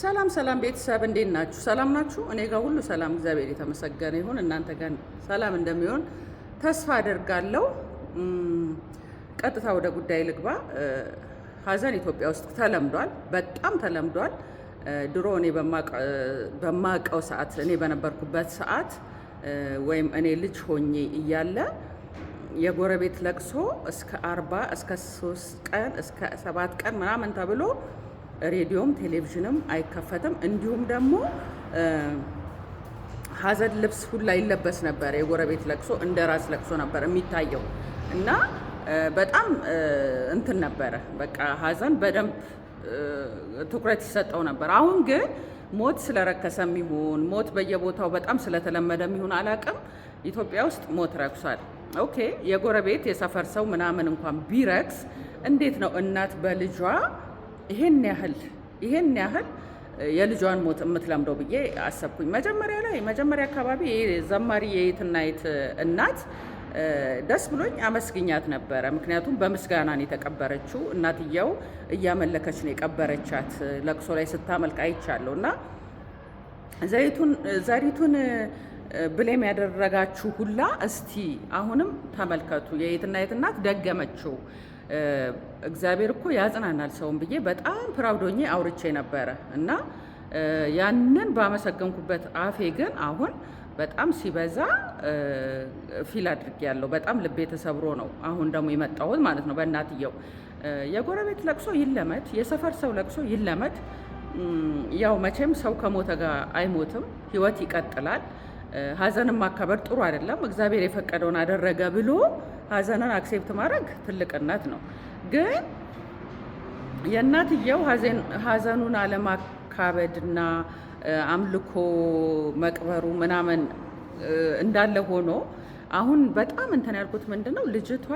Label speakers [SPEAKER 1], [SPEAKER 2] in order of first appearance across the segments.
[SPEAKER 1] ሰላም ሰላም ቤተሰብ እንዴት ናችሁ? ሰላም ናችሁ? እኔ ጋር ሁሉ ሰላም፣ እግዚአብሔር የተመሰገነ ይሁን። እናንተ ጋር ሰላም እንደሚሆን ተስፋ አደርጋለሁ። ቀጥታ ወደ ጉዳይ ልግባ። ሀዘን ኢትዮጵያ ውስጥ ተለምዷል፣ በጣም ተለምዷል። ድሮ እኔ በማቀው ሰዓት እኔ በነበርኩበት ሰዓት ወይም እኔ ልጅ ሆኜ እያለ የጎረቤት ለቅሶ እስከ አርባ እስከ ሶስት ቀን እስከ ሰባት ቀን ምናምን ተብሎ ሬዲዮም ቴሌቪዥንም አይከፈትም። እንዲሁም ደግሞ ሀዘን ልብስ ሁላ ይለበስ ነበር። የጎረቤት ለቅሶ እንደ ራስ ለቅሶ ነበር የሚታየው እና በጣም እንትን ነበረ። በቃ ሀዘን በደንብ ትኩረት ይሰጠው ነበር። አሁን ግን ሞት ስለረከሰ የሚሆን ሞት በየቦታው በጣም ስለተለመደ የሚሆን አላቅም። ኢትዮጵያ ውስጥ ሞት ረክሷል። ኦኬ የጎረቤት የሰፈር ሰው ምናምን እንኳን ቢረክስ እንዴት ነው እናት በልጇ ይሄን ያህል ይሄን ያህል የልጇን ሞት የምትለምደው ብዬ አሰብኩኝ። መጀመሪያ ላይ መጀመሪያ አካባቢ ዘማሪ የየትናየት እናት ደስ ብሎኝ አመስግኛት ነበረ። ምክንያቱም በምስጋና የተቀበረችው። እናትየው እያመለከች ነው የቀበረቻት። ለቅሶ ላይ ስታመልቅ አይቻለሁ እና ዘሪቱን ብሌም ያደረጋችሁ ሁላ እስቲ አሁንም ተመልከቱ። የየትናየት እናት ደገመችው። እግዚአብሔር እኮ ያጽናናል ሰውን ብዬ በጣም ፕራውዶኜ አውርቼ ነበረ እና ያንን ባመሰገንኩበት አፌ ግን አሁን በጣም ሲበዛ ፊል አድርጌያለሁ። በጣም ልቤ ተሰብሮ ነው አሁን ደግሞ የመጣሁት ማለት ነው። በእናትየው የጎረቤት ለቅሶ ይለመድ፣ የሰፈር ሰው ለቅሶ ይለመድ። ያው መቼም ሰው ከሞተ ጋር አይሞትም፣ ህይወት ይቀጥላል። ሀዘንን ማካበድ ጥሩ አይደለም። እግዚአብሔር የፈቀደውን አደረገ ብሎ ሀዘንን አክሴፕት ማድረግ ትልቅነት ነው። ግን የእናትየው ሀዘኑን አለማካበድና አምልኮ መቅበሩ ምናምን እንዳለ ሆኖ አሁን በጣም እንትን ያልኩት ምንድን ነው ልጅቷ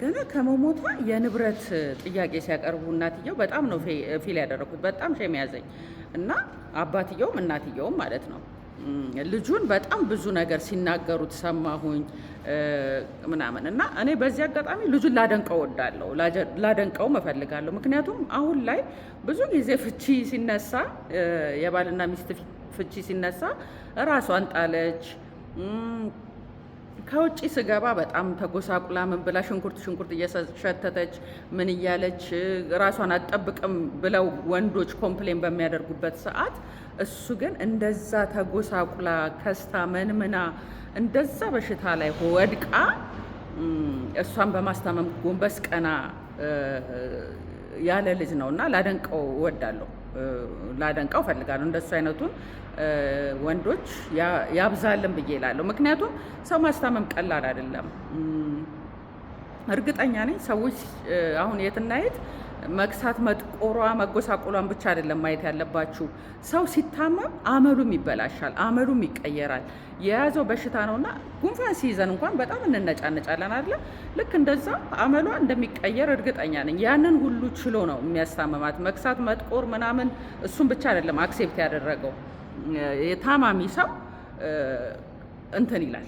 [SPEAKER 1] ገና ከመሞቷ የንብረት ጥያቄ ሲያቀርቡ እናትየው በጣም ነው ፊል ያደረኩት። በጣም ሸም ያዘኝ እና አባትየውም እናትየውም ማለት ነው ልጁን በጣም ብዙ ነገር ሲናገሩት ሰማሁኝ ምናምን እና እኔ በዚህ አጋጣሚ ልጁን ላደንቀው እወዳለሁ፣ ላደንቀው እፈልጋለሁ። ምክንያቱም አሁን ላይ ብዙ ጊዜ ፍቺ ሲነሳ የባልና ሚስት ፍቺ ሲነሳ ራሷን ጣለች ከውጭ ስገባ በጣም ተጎሳቁላ ምን ብላ ሽንኩርት ሽንኩርት እየሸተተች ምን እያለች ራሷን አጠብቅም ብለው ወንዶች ኮምፕሌን በሚያደርጉበት ሰዓት እሱ ግን እንደዛ ተጎሳቁላ ከስታ መንምና እንደዛ በሽታ ላይ ወድቃ እሷን በማስታመም ጎንበስ ቀና ያለ ልጅ ነው እና ላደንቀው እወዳለሁ፣ ላደንቀው ፈልጋለሁ። እንደሱ አይነቱን ወንዶች ያብዛልን ብዬ እላለሁ። ምክንያቱም ሰው ማስታመም ቀላል አይደለም። እርግጠኛ ነኝ ሰዎች አሁን የትና የት መክሳት መጥቆሯ መጎሳቆሏን ብቻ አይደለም ማየት ያለባችሁ። ሰው ሲታመም አመሉም ይበላሻል፣ አመሉም ይቀየራል። የያዘው በሽታ ነውና ጉንፋን ሲይዘን እንኳን በጣም እንነጫነጫለን አይደለ? ልክ እንደዛ አመሏ እንደሚቀየር እርግጠኛ ነኝ። ያንን ሁሉ ችሎ ነው የሚያስታመማት። መክሳት መጥቆር ምናምን እሱም ብቻ አይደለም አክሴፕት ያደረገው የታማሚ ሰው እንትን ይላል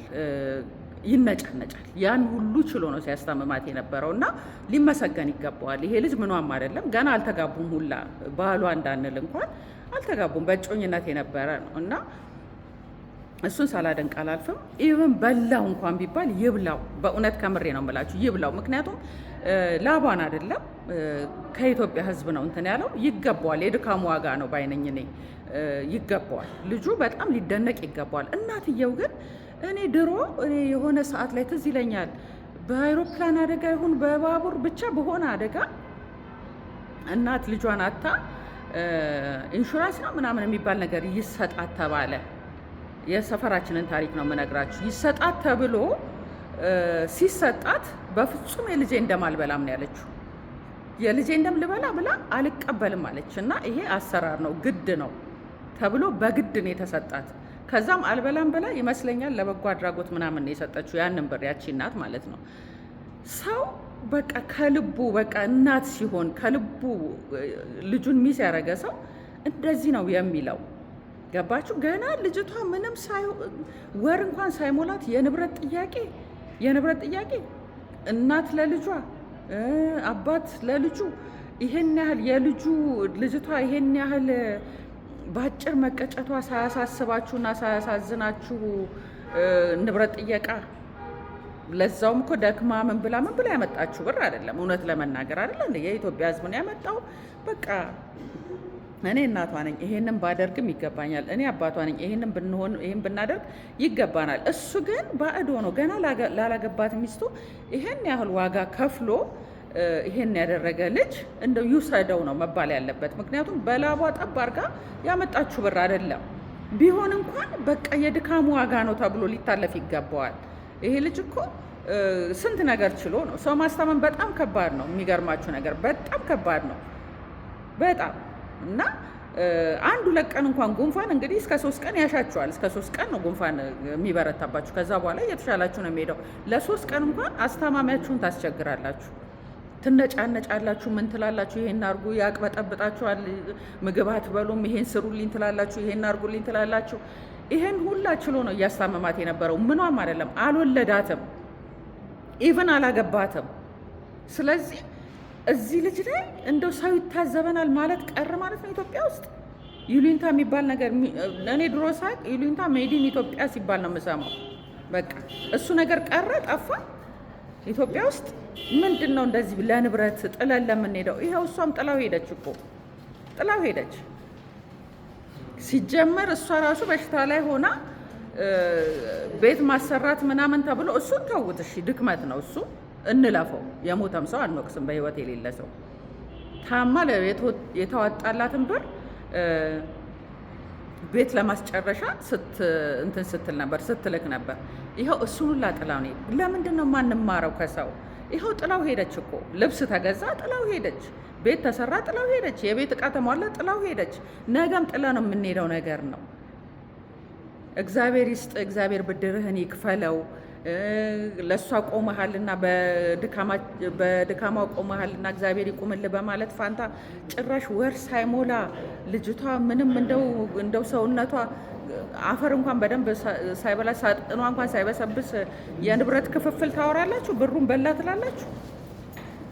[SPEAKER 1] ይነጫነጫል። ያን ሁሉ ችሎ ነው ሲያስታምማት የነበረው እና ሊመሰገን ይገባዋል። ይሄ ልጅ ምኗም አይደለም። ገና አልተጋቡም ሁላ ባሏ እንዳንል እንኳን አልተጋቡም። በእጮኝነት የነበረ ነው እና እሱን ሳላደንቅ አላልፍም። ኢቨን በላው እንኳን ቢባል ይብላው። በእውነት ከምሬ ነው የምላችሁ ይብላው። ምክንያቱም ላቧን አይደለም ከኢትዮጵያ ሕዝብ ነው እንትን ያለው ይገባዋል። የድካሙ ዋጋ ነው ባይነኝ እኔ ይገባዋል። ልጁ በጣም ሊደነቅ ይገባዋል። እናትየው ግን እኔ ድሮ የሆነ ሰዓት ላይ ትዝ ይለኛል በአይሮፕላን አደጋ ይሁን በባቡር ብቻ በሆነ አደጋ እናት ልጇን አታ ኢንሹራንስ ነው ምናምን የሚባል ነገር ይሰጣት ተባለ። የሰፈራችንን ታሪክ ነው የምነግራችሁ። ይሰጣት ተብሎ ሲሰጣት በፍጹም የልጄ እንደማልበላም ነው ያለችው። የልጄ እንደምልበላ ብላ አልቀበልም አለች እና ይሄ አሰራር ነው ግድ ነው ተብሎ በግድ ነው የተሰጣት። ከዛም አልበላም ብላ ይመስለኛል ለበጎ አድራጎት ምናምን የሰጠችው ያንን ብር ያቺ እናት ማለት ነው። ሰው በቃ ከልቡ በቃ እናት ሲሆን ከልቡ ልጁን ሚስ ያደረገ ሰው እንደዚህ ነው የሚለው። ገባችሁ? ገና ልጅቷ ምንም ወር እንኳን ሳይሞላት የንብረት ጥያቄ የንብረት ጥያቄ እናት ለልጇ አባት ለልጁ ይሄን ያህል የልጁ ልጅቷ ይሄን ያህል በአጭር መቀጨቷ ሳያሳስባችሁና ሳያሳዝናችሁ ንብረት ጥየቃ ለዛውም እኮ ደክማ ምን ብላ ምን ብላ ያመጣችሁ ብር አይደለም። እውነት ለመናገር አይደለም የኢትዮጵያ ሕዝብ ነው ያመጣው። በቃ እኔ እናቷ ነኝ፣ ይሄንን ባደርግም ይገባኛል። እኔ አባቷ ነኝ፣ ይሄንን ብንሆን ይሄን ብናደርግ ይገባናል። እሱ ግን ባዕድ ሆኖ ገና ላላገባት ሚስቱ ይሄን ያህል ዋጋ ከፍሎ ይሄን ያደረገ ልጅ እንደው ይውሰደው ነው መባል ያለበት። ምክንያቱም በላቧ ጠብ አርጋ ያመጣችሁ ብር አይደለም። ቢሆን እንኳን በቃ የድካሙ ዋጋ ነው ተብሎ ሊታለፍ ይገባዋል። ይሄ ልጅ እኮ ስንት ነገር ችሎ ነው። ሰው ማስታመን በጣም ከባድ ነው። የሚገርማችሁ ነገር በጣም ከባድ ነው። በጣም እና አንድ ሁለት ቀን እንኳን ጉንፋን እንግዲህ እስከ ሶስት ቀን ያሻችኋል። እስከ ሶስት ቀን ነው ጉንፋን የሚበረታባችሁ። ከዛ በኋላ እየተሻላችሁ ነው የሚሄደው። ለሶስት ቀን እንኳን አስታማሚያችሁን ታስቸግራላችሁ። ትነጫነጫላችሁ፣ ምን ትላላችሁ፣ ይሄን አርጉ፣ ያቅበጠብጣችኋል፣ ምግብ አትበሉም፣ ይሄን ስሩልኝ ትላላችሁ፣ ይሄን አርጉልኝ ትላላችሁ። ይሄን ሁላ ችሎ ነው እያስታመማት የነበረው። ምኗም አይደለም፣ አልወለዳትም፣ ኢቭን አላገባትም። ስለዚህ እዚህ ልጅ ላይ እንደው ሰው ይታዘበናል ማለት ቀር ማለት ነው። ኢትዮጵያ ውስጥ ዩሊንታ የሚባል ነገር እኔ ድሮ ሳቅ ዩሊንታ ሜዲን ኢትዮጵያ ሲባል ነው የምሰማው። በቃ እሱ ነገር ቀረ፣ ጠፋ። ኢትዮጵያ ውስጥ ምንድን ነው እንደዚህ ለንብረት ጥለን ለምንሄደው? ይኸው እሷም ጥላው ሄደች እኮ ጥላው ሄደች። ሲጀመር እሷ ራሱ በሽታ ላይ ሆና ቤት ማሰራት ምናምን ተብሎ እሱን ተውት። እሺ ድክመት ነው እሱ፣ እንለፈው። የሞተም ሰው አንወቅስም፣ በህይወት የሌለ ሰው ታማ ለቤት የተዋጣላትን ብር ቤት ለማስጨረሻ እንትን ስትል ነበር ስትልክ ነበር። ይኸው እሱን ሁላ ጥላው ነው። ለምንድን ነው ማንማረው ከሰው? ይኸው ጥላው ሄደች እኮ ልብስ ተገዛ፣ ጥላው ሄደች። ቤት ተሰራ፣ ጥላው ሄደች። የቤት እቃ ተሟላ፣ ጥላው ሄደች። ነገም ጥላ ነው የምንሄደው ነገር ነው። እግዚአብሔር ይስጥ፣ እግዚአብሔር ብድርህን ይክፈለው። ለእሷ ቆመሃልና በድካማ ቆመሃልና እግዚአብሔር ይቁምል በማለት ፋንታ ጭራሽ ወር ሳይሞላ ልጅቷ ምንም እንደው ሰውነቷ አፈር እንኳን በደንብ ሳይበላ ሳጥኗ እንኳን ሳይበሰብስ የንብረት ክፍፍል ታወራላችሁ፣ ብሩን በላ ትላላችሁ።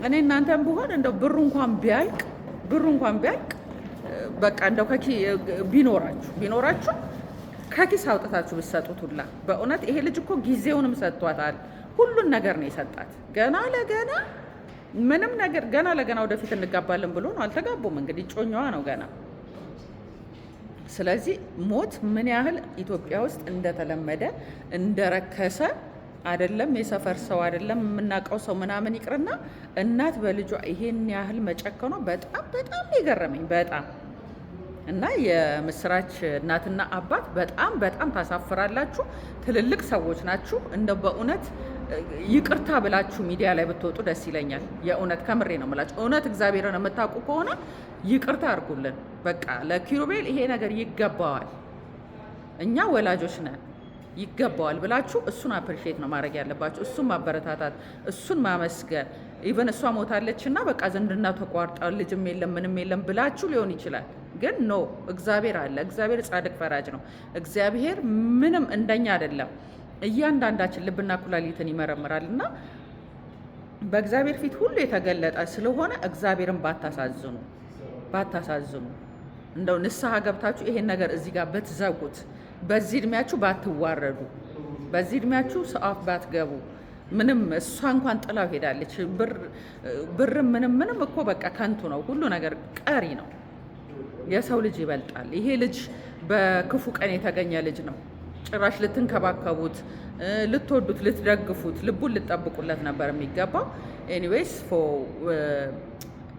[SPEAKER 1] እኔ እናንተም ብሆን እንደው ብሩ እንኳን ቢያልቅ ብሩ እንኳን ቢያልቅ በቃ እንደው ከኪ ቢኖራችሁ ቢኖራችሁ ከኪስ አውጥታችሁ ብትሰጡት ሁላ በእውነት ይሄ ልጅ እኮ ጊዜውንም ሰጥቷታል። ሁሉን ነገር ነው የሰጣት። ገና ለገና ምንም ነገር ገና ለገና ወደፊት እንጋባለን ብሎ ነው። አልተጋቡም እንግዲህ ጮኛዋ ነው ገና። ስለዚህ ሞት ምን ያህል ኢትዮጵያ ውስጥ እንደተለመደ እንደረከሰ አይደለም የሰፈር ሰው አይደለም የምናውቀው ሰው ምናምን ይቅርና እናት በልጇ ይሄን ያህል መጨከኗ በጣም በጣም የገረመኝ በጣም እና የምስራች እናትና አባት በጣም በጣም ታሳፍራላችሁ። ትልልቅ ሰዎች ናችሁ። እንደ በእውነት ይቅርታ ብላችሁ ሚዲያ ላይ ብትወጡ ደስ ይለኛል። የእውነት ከምሬ ነው የምላችሁ። እውነት እግዚአብሔርን የምታውቁ ከሆነ ይቅርታ አድርጉልን። በቃ ለኪሩቤል ይሄ ነገር ይገባዋል፣ እኛ ወላጆች ነን፣ ይገባዋል ብላችሁ እሱን አፕሪሼት ነው ማድረግ ያለባችሁ። እሱን ማበረታታት፣ እሱን ማመስገን ኢቨን እሷ ሞታለች እና በቃ ዝምድና ተቋርጧል፣ ልጅም የለም ምንም የለም ብላችሁ ሊሆን ይችላል ግን ኖ እግዚአብሔር አለ። እግዚአብሔር ጻድቅ ፈራጅ ነው። እግዚአብሔር ምንም እንደኛ አይደለም። እያንዳንዳችን ልብና ኩላሊትን ይመረምራል እና በእግዚአብሔር ፊት ሁሉ የተገለጠ ስለሆነ እግዚአብሔርን ባታሳዝኑ ባታሳዝኑ እንደው ንስሐ ገብታችሁ ይሄን ነገር እዚህ ጋር ብትዘጉት፣ በዚህ እድሜያችሁ ባትዋረዱ፣ በዚህ እድሜያችሁ ሰአፍ ባትገቡ። ምንም እሷ እንኳን ጥላው ሄዳለች። ብር ምንም ምንም እኮ በቃ ከንቱ ነው። ሁሉ ነገር ቀሪ ነው። የሰው ልጅ ይበልጣል። ይሄ ልጅ በክፉ ቀን የተገኘ ልጅ ነው። ጭራሽ ልትንከባከቡት፣ ልትወዱት፣ ልትደግፉት፣ ልቡን ልትጠብቁለት ነበር የሚገባው። ኤኒዌይስ ፎ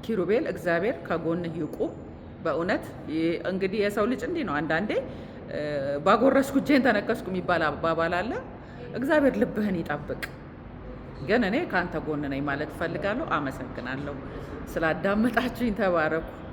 [SPEAKER 1] ኪሩቤል እግዚአብሔር ከጎንህ ይቁም። በእውነት እንግዲህ የሰው ልጅ እንዲህ ነው። አንዳንዴ ባጎረስኩ እጄን ተነከስኩ የሚባል አባባል አለ። እግዚአብሔር ልብህን ይጠብቅ። ግን እኔ ከአንተ ጎን ነኝ ማለት እፈልጋለሁ። አመሰግናለሁ ስላዳመጣችሁኝ። ተባረኩ።